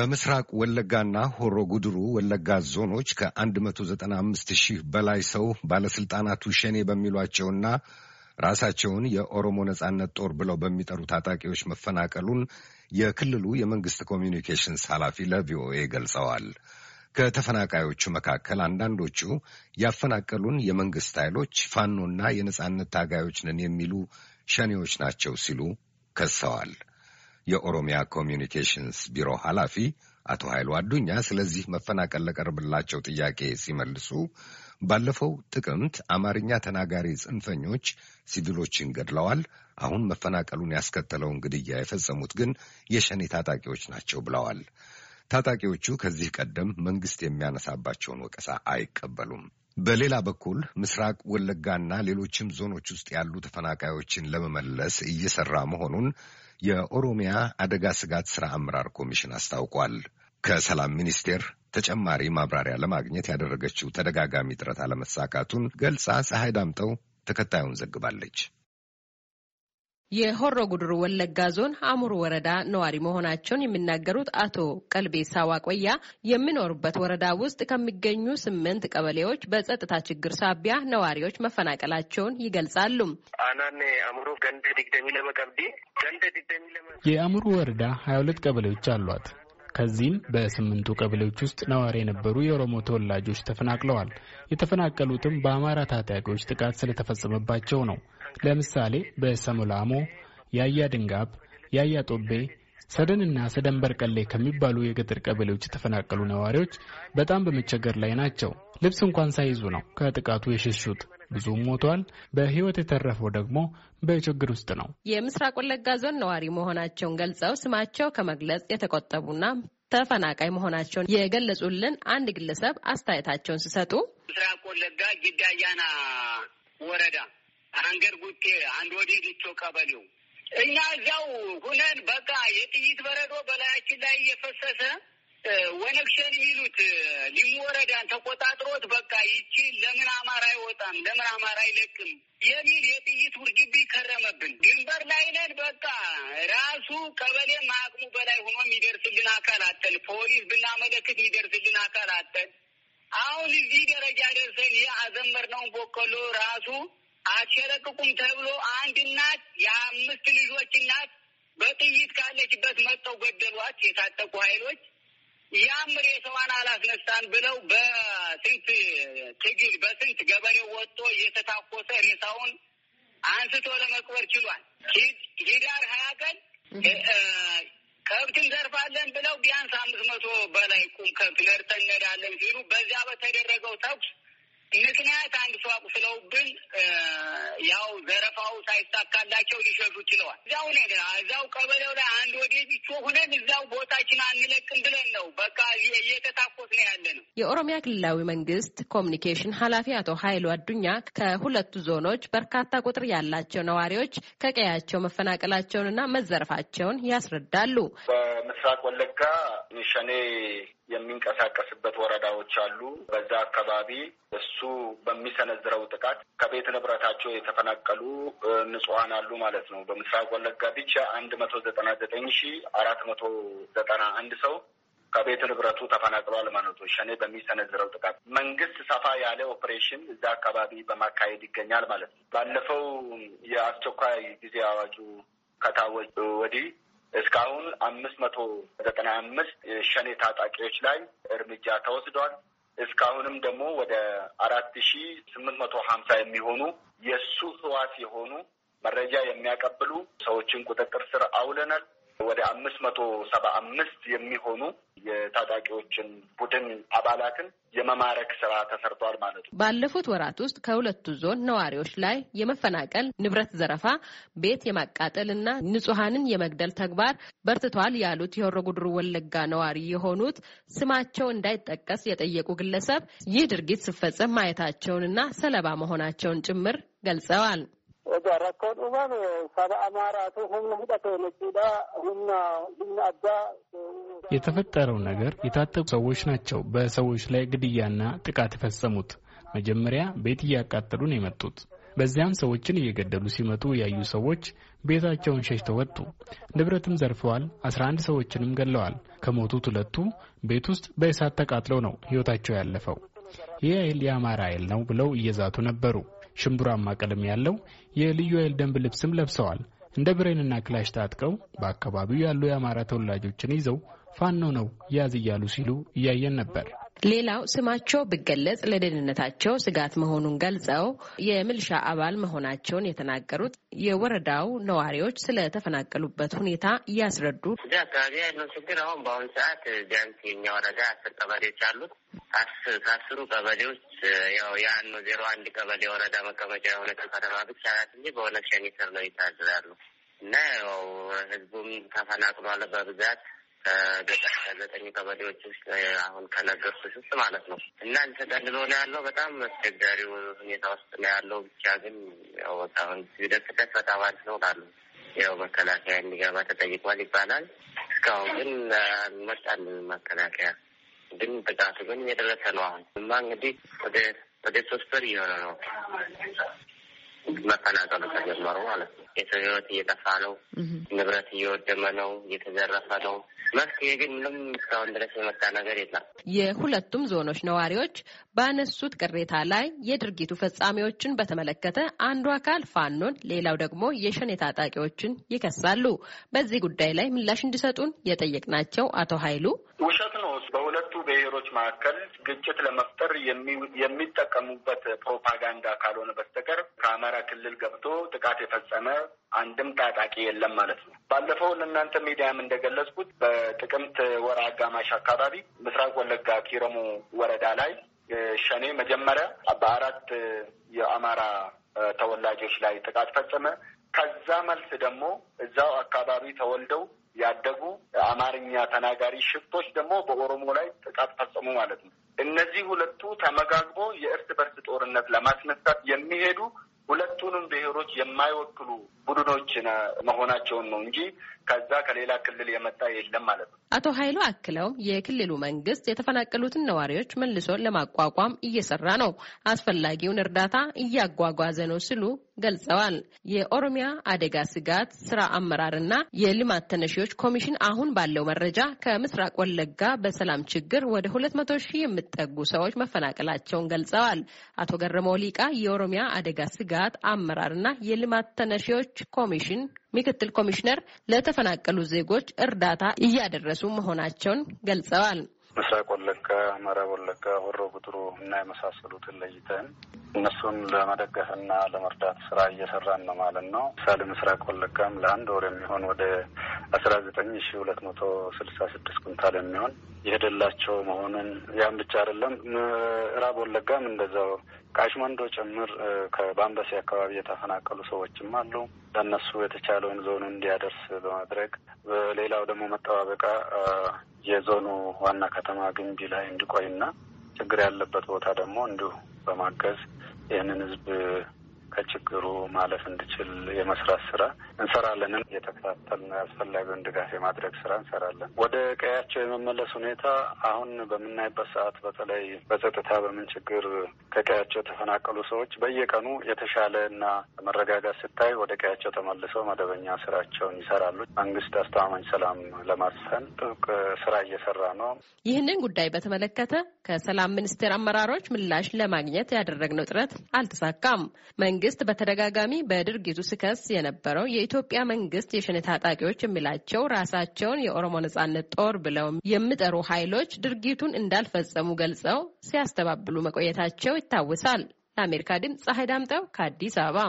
ከምስራቅ ወለጋና ሆሮ ጉድሩ ወለጋ ዞኖች ከ195 ሺህ በላይ ሰው ባለሥልጣናቱ ሸኔ በሚሏቸውና ራሳቸውን የኦሮሞ ነጻነት ጦር ብለው በሚጠሩ ታጣቂዎች መፈናቀሉን የክልሉ የመንግሥት ኮሚኒኬሽንስ ኃላፊ ለቪኦኤ ገልጸዋል። ከተፈናቃዮቹ መካከል አንዳንዶቹ ያፈናቀሉን የመንግሥት ኃይሎች ፋኖና የነጻነት ታጋዮች ነን የሚሉ ሸኔዎች ናቸው ሲሉ ከሰዋል። የኦሮሚያ ኮሚዩኒኬሽንስ ቢሮ ኃላፊ አቶ ኃይሉ አዱኛ ስለዚህ መፈናቀል ለቀረበላቸው ጥያቄ ሲመልሱ ባለፈው ጥቅምት አማርኛ ተናጋሪ ጽንፈኞች ሲቪሎችን ገድለዋል። አሁን መፈናቀሉን ያስከተለውን ግድያ የፈጸሙት ግን የሸኔ ታጣቂዎች ናቸው ብለዋል። ታጣቂዎቹ ከዚህ ቀደም መንግስት የሚያነሳባቸውን ወቀሳ አይቀበሉም። በሌላ በኩል ምስራቅ ወለጋና ሌሎችም ዞኖች ውስጥ ያሉ ተፈናቃዮችን ለመመለስ እየሰራ መሆኑን የኦሮሚያ አደጋ ስጋት ስራ አመራር ኮሚሽን አስታውቋል። ከሰላም ሚኒስቴር ተጨማሪ ማብራሪያ ለማግኘት ያደረገችው ተደጋጋሚ ጥረት አለመሳካቱን ገልጻ ፀሐይ ዳምጠው ተከታዩን ዘግባለች። የሆሮ ጉድሩ ወለጋ ዞን አሙር ወረዳ ነዋሪ መሆናቸውን የሚናገሩት አቶ ቀልቤ ሳዋቆያ የሚኖሩበት ወረዳ ውስጥ ከሚገኙ ስምንት ቀበሌዎች በጸጥታ ችግር ሳቢያ ነዋሪዎች መፈናቀላቸውን ይገልጻሉ። የአሙር ወረዳ ሀያ ሁለት ቀበሌዎች አሏት። ከዚህም በስምንቱ ቀበሌዎች ውስጥ ነዋሪ የነበሩ የኦሮሞ ተወላጆች ተፈናቅለዋል። የተፈናቀሉትም በአማራ ታጣቂዎች ጥቃት ስለተፈጸመባቸው ነው። ለምሳሌ በሰሞላሞ፣ ያያ ድንጋብ፣ ያያ ጦቤ፣ ሰደንና ሰደን ቀሌ ከሚባሉ የገጠር ቀበሌዎች የተፈናቀሉ ነዋሪዎች በጣም በመቸገር ላይ ናቸው። ልብስ እንኳን ሳይዙ ነው ከጥቃቱ የሸሹት። ብዙም ሞቷል። በህይወት የተረፈው ደግሞ በችግር ውስጥ ነው። የምስራቅ ወለጋ ዞን ነዋሪ መሆናቸውን ገልጸው ስማቸው ከመግለጽ የተቆጠቡና ተፈናቃይ መሆናቸውን የገለጹልን አንድ ግለሰብ አስተያየታቸውን ሲሰጡ ምስራቅ ወለጋ ጊዳያና ወረዳ አንገር ጉቴ አንድ ወዴ ዲቾ ቀበሌው እኛ እዛው ሁነን በቃ የጥይት በረዶ በላያችን ላይ እየፈሰሰ ወነግሸን የሚሉት ሊሙ ወረዳን ተቆጣጥሮት በቃ ይቺ ለምን አማራ አይወጣም ለምን አማራ አይለቅም የሚል የጥይት ውርግቢ ከረመብን። ድንበር ላይ ነን። በቃ ራሱ ቀበሌ ማቅሙ በላይ ሆኖ የሚደርስልን አካል አጠን፣ ፖሊስ ብናመለክት የሚደርስልን አካል አጠን። አሁን እዚህ ደረጃ ደርሰን ይህ አዘመርነውን ቦቀሎ ራሱ አትሸረቅቁም ተብሎ አንድ እናት የአምስት ልጆች እናት በጥይት ካለችበት መጥተው ገደሏት የታጠቁ ኃይሎች። ያም ሬሳዋን አላስነሳን ብለው በስንት ትግል በስንት ገበሬው ወጥቶ እየተታኮሰ ሬሳውን አንስቶ ለመቅበር ችሏል። ሂዳር ሀያ ቀን ከብት ዘርፋለን ብለው ቢያንስ አምስት መቶ በላይ ቁም ከብት ነርተን እንሄዳለን ሲሉ በዚያ በተደረገው ተኩስ ምክንያት አንድ ግን ያው ዘረፋው ሳይሳካላቸው ሊሸሹ ችለዋል። እዛው ነገር እዛው ቀበሌው ላይ አንድ ወደዚህ ሁነን እዛው ቦታችን አንለቅም ብለን ነው በቃ እየተታኮስ ነው ያለ ነው። የኦሮሚያ ክልላዊ መንግስት ኮሚኒኬሽን ኃላፊ አቶ ሀይሉ አዱኛ ከሁለቱ ዞኖች በርካታ ቁጥር ያላቸው ነዋሪዎች ከቀያቸው መፈናቀላቸውንና መዘረፋቸውን ያስረዳሉ። በምስራቅ ወለጋ ሸኔ የሚንቀሳቀስበት ወረዳዎች አሉ። በዛ አካባቢ እሱ በሚሰነዝረው በደረሰው ጥቃት ከቤት ንብረታቸው የተፈናቀሉ ንጹሀን አሉ ማለት ነው። በምስራቅ ወለጋ ብቻ አንድ መቶ ዘጠና ዘጠኝ ሺ አራት መቶ ዘጠና አንድ ሰው ከቤት ንብረቱ ተፈናቅሏል ማለት ነው። ሸኔ በሚሰነዝረው ጥቃት መንግስት ሰፋ ያለ ኦፕሬሽን እዛ አካባቢ በማካሄድ ይገኛል ማለት ነው። ባለፈው የአስቸኳይ ጊዜ አዋጁ ከታወጀ ወዲህ እስካሁን አምስት መቶ ዘጠና አምስት የሸኔ ታጣቂዎች ላይ እርምጃ ተወስዷል። እስካሁንም ደግሞ ወደ አራት ሺ ስምንት መቶ ሀምሳ የሚሆኑ የእሱ ህዋስ የሆኑ መረጃ የሚያቀብሉ ሰዎችን ቁጥጥር ስር አውለናል። ወደ አምስት መቶ ሰባ አምስት የሚሆኑ የታጣቂዎችን ቡድን አባላትን የመማረክ ስራ ተሰርቷል ማለት ነው። ባለፉት ወራት ውስጥ ከሁለቱ ዞን ነዋሪዎች ላይ የመፈናቀል፣ ንብረት ዘረፋ፣ ቤት የማቃጠል እና ንጹሐንን የመግደል ተግባር በርትቷል ያሉት የሆሮ ጉድሩ ወለጋ ነዋሪ የሆኑት ስማቸው እንዳይጠቀስ የጠየቁ ግለሰብ ይህ ድርጊት ስፈጸም ማየታቸውንና ሰለባ መሆናቸውን ጭምር ገልጸዋል። saba humna humna humna eh, የተፈጠረው ነገር የታጠቁ ሰዎች ናቸው በሰዎች ላይ ግድያና ጥቃት የፈጸሙት። መጀመሪያ ቤት እያቃጠሉ ነው የመጡት። በዚያም ሰዎችን እየገደሉ ሲመጡ ያዩ ሰዎች ቤታቸውን ሸሽተው ወጡ። ንብረትም ዘርፈዋል። አስራ አንድ ሰዎችንም ገለዋል። ከሞቱት ሁለቱ ቤት ውስጥ በእሳት ተቃጥለው ነው ሕይወታቸው ያለፈው። ይህ አይል የአማራ ኃይል ነው ብለው እየዛቱ ነበሩ። ሽምብራማ ቀለም ያለው የልዩ ኃይል ደንብ ልብስም ለብሰዋል። እንደ ብሬንና ክላሽ ታጥቀው በአካባቢው ያሉ የአማራ ተወላጆችን ይዘው ፋኖ ነው ያዝ እያሉ ሲሉ እያየን ነበር። ሌላው ስማቸው ቢገለጽ ለደህንነታቸው ስጋት መሆኑን ገልጸው የምልሻ አባል መሆናቸውን የተናገሩት የወረዳው ነዋሪዎች ስለተፈናቀሉበት ሁኔታ እያስረዱ እዚህ አካባቢ ያለው ችግር አሁን በአሁኑ ሰዓት ቢያንስ የኛ ወረዳ አስር ቀበሌዎች አሉት ከአስሩ ቀበሌዎች ያው የአንዱ ዜሮ አንድ ቀበሌ ወረዳ መቀመጫ የሆነ ከተማ ብቻ ናት እንጂ በሆነ ሸኒተር ነው ይታዘዛሉ እና ያው ህዝቡም ተፈናቅሏል በብዛት ከዘጠኝ ቀበሌዎች ውስጥ አሁን ከነገርኩሽ ውስጥ ማለት ነው እና ተጠልሎ ነው ያለው። በጣም አስቸጋሪው ሁኔታ ውስጥ ነው ያለው። ብቻ ግን ያው አሁን ሲደክተት በጣም አሪፍ ነው ላሉ ያው መከላከያ እንዲገባ ተጠይቋል ይባላል። እስካሁን ግን አልመጣልንም መከላከያ ግን ጥቃቱ ግን እየደረሰ ነው። አሁን እማ እንግዲህ ወደ ሶስት ወር እየሆነ ነው መፈናቀሉ ተጀመሩ ማለት ነው። የሰው ህይወት እየጠፋ ነው። ንብረት እየወደመ ነው። እየተዘረፈ ነው። መፍትሄ ግን ምንም እስካሁን ድረስ የመጣ ነገር የለም። የሁለቱም ዞኖች ነዋሪዎች ባነሱት ቅሬታ ላይ የድርጊቱ ፈጻሚዎችን በተመለከተ አንዱ አካል ፋኖን፣ ሌላው ደግሞ የሸኔ ታጣቂዎችን ይከሳሉ። በዚህ ጉዳይ ላይ ምላሽ እንዲሰጡን የጠየቅናቸው አቶ ኃይሉ ውሸት ነው በሁለቱ ብሔሮች መካከል ግጭት ለመፍጠር የሚጠቀሙበት ፕሮፓጋንዳ ካልሆነ በስተቀር ከአማራ ክልል ገብቶ ጥቃት የፈጸመ አንድም ታጣቂ የለም ማለት ነው። ባለፈው ለእናንተ ሚዲያም እንደገለጽኩት በጥቅምት ወር አጋማሽ አካባቢ ምስራቅ ወለጋ ኪረሙ ወረዳ ላይ ሸኔ መጀመሪያ በአራት የአማራ ተወላጆች ላይ ጥቃት ፈጸመ። ከዛ መልስ ደግሞ እዛው አካባቢ ተወልደው ያደጉ አማርኛ ተናጋሪ ሽፍቶች ደግሞ በኦሮሞ ላይ ጥቃት ፈጸሙ ማለት ነው። እነዚህ ሁለቱ ተመጋግቦ የእርስ በርስ ጦርነት ለማስነሳት የሚሄዱ ሁለቱንም ብሔሮች የማይወክሉ ቡድኖች መሆናቸውን ነው እንጂ ከዛ ከሌላ ክልል የመጣ የለም ማለት ነው። አቶ ኃይሉ አክለው የክልሉ መንግስት የተፈናቀሉትን ነዋሪዎች መልሶ ለማቋቋም እየሰራ ነው፣ አስፈላጊውን እርዳታ እያጓጓዘ ነው ሲሉ ገልጸዋል። የኦሮሚያ አደጋ ስጋት ስራ አመራርና የልማት ተነሺዎች ኮሚሽን አሁን ባለው መረጃ ከምስራቅ ወለጋ በሰላም ችግር ወደ ሁለት መቶ ሺህ የሚጠጉ ሰዎች መፈናቀላቸውን ገልጸዋል። አቶ ገረመ ሊቃ የኦሮሚያ አደጋ ስጋት አመራርና የልማት ተነሺዎች ኮሚሽን ምክትል ኮሚሽነር ለተፈናቀሉ ዜጎች እርዳታ እያደረሱ መሆናቸውን ገልጸዋል። ምስራቅ ወለጋ፣ ምዕራብ ወለጋ፣ ሆሮ ጉድሩ እና የመሳሰሉትን ለይተን እነሱን ለመደገፍና ለመርዳት ስራ እየሰራን ነው ማለት ነው። ምሳሌ ምስራቅ ወለጋም ለአንድ ወር የሚሆን ወደ አስራ ዘጠኝ ሺ ሁለት መቶ ስልሳ ስድስት ኩንታል የሚሆን የሄደላቸው መሆኑን ያም ብቻ አይደለም። ምዕራብ ወለጋም እንደዛው ቃሽመንዶ ጭምር ከባምበሴ አካባቢ የተፈናቀሉ ሰዎችም አሉ። ለእነሱ የተቻለውን ዞኑ እንዲያደርስ በማድረግ በሌላው ደግሞ መጠባበቃ የዞኑ ዋና ከተማ ግንቢ ላይ እንዲቆይና ችግር ያለበት ቦታ ደግሞ እንዲሁ በማገዝ ይህንን ህዝብ ከችግሩ ማለፍ እንድችል የመስራት ስራ እንሰራለንም የተከታተልን አስፈላጊውን ድጋፍ የማድረግ ስራ እንሰራለን። ወደ ቀያቸው የመመለስ ሁኔታ አሁን በምናይበት ሰዓት በተለይ በጸጥታ በምን ችግር ከቀያቸው የተፈናቀሉ ሰዎች በየቀኑ የተሻለ እና መረጋጋት ስታይ ወደ ቀያቸው ተመልሰው መደበኛ ስራቸውን ይሰራሉ። መንግስት አስተማማኝ ሰላም ለማስፈን ጥብቅ ስራ እየሰራ ነው። ይህንን ጉዳይ በተመለከተ ከሰላም ሚኒስቴር አመራሮች ምላሽ ለማግኘት ያደረግነው ጥረት አልተሳካም። መንግስት በተደጋጋሚ በድርጊቱ ስከስ የነበረው የኢትዮጵያ መንግስት የሸኔ ታጣቂዎች የሚላቸው ራሳቸውን የኦሮሞ ነጻነት ጦር ብለው የሚጠሩ ኃይሎች ድርጊቱን እንዳልፈጸሙ ገልጸው ሲያስተባብሉ መቆየታቸው ይታወሳል። ለአሜሪካ ድምፅ ፀሐይ ዳምጠው ከአዲስ አበባ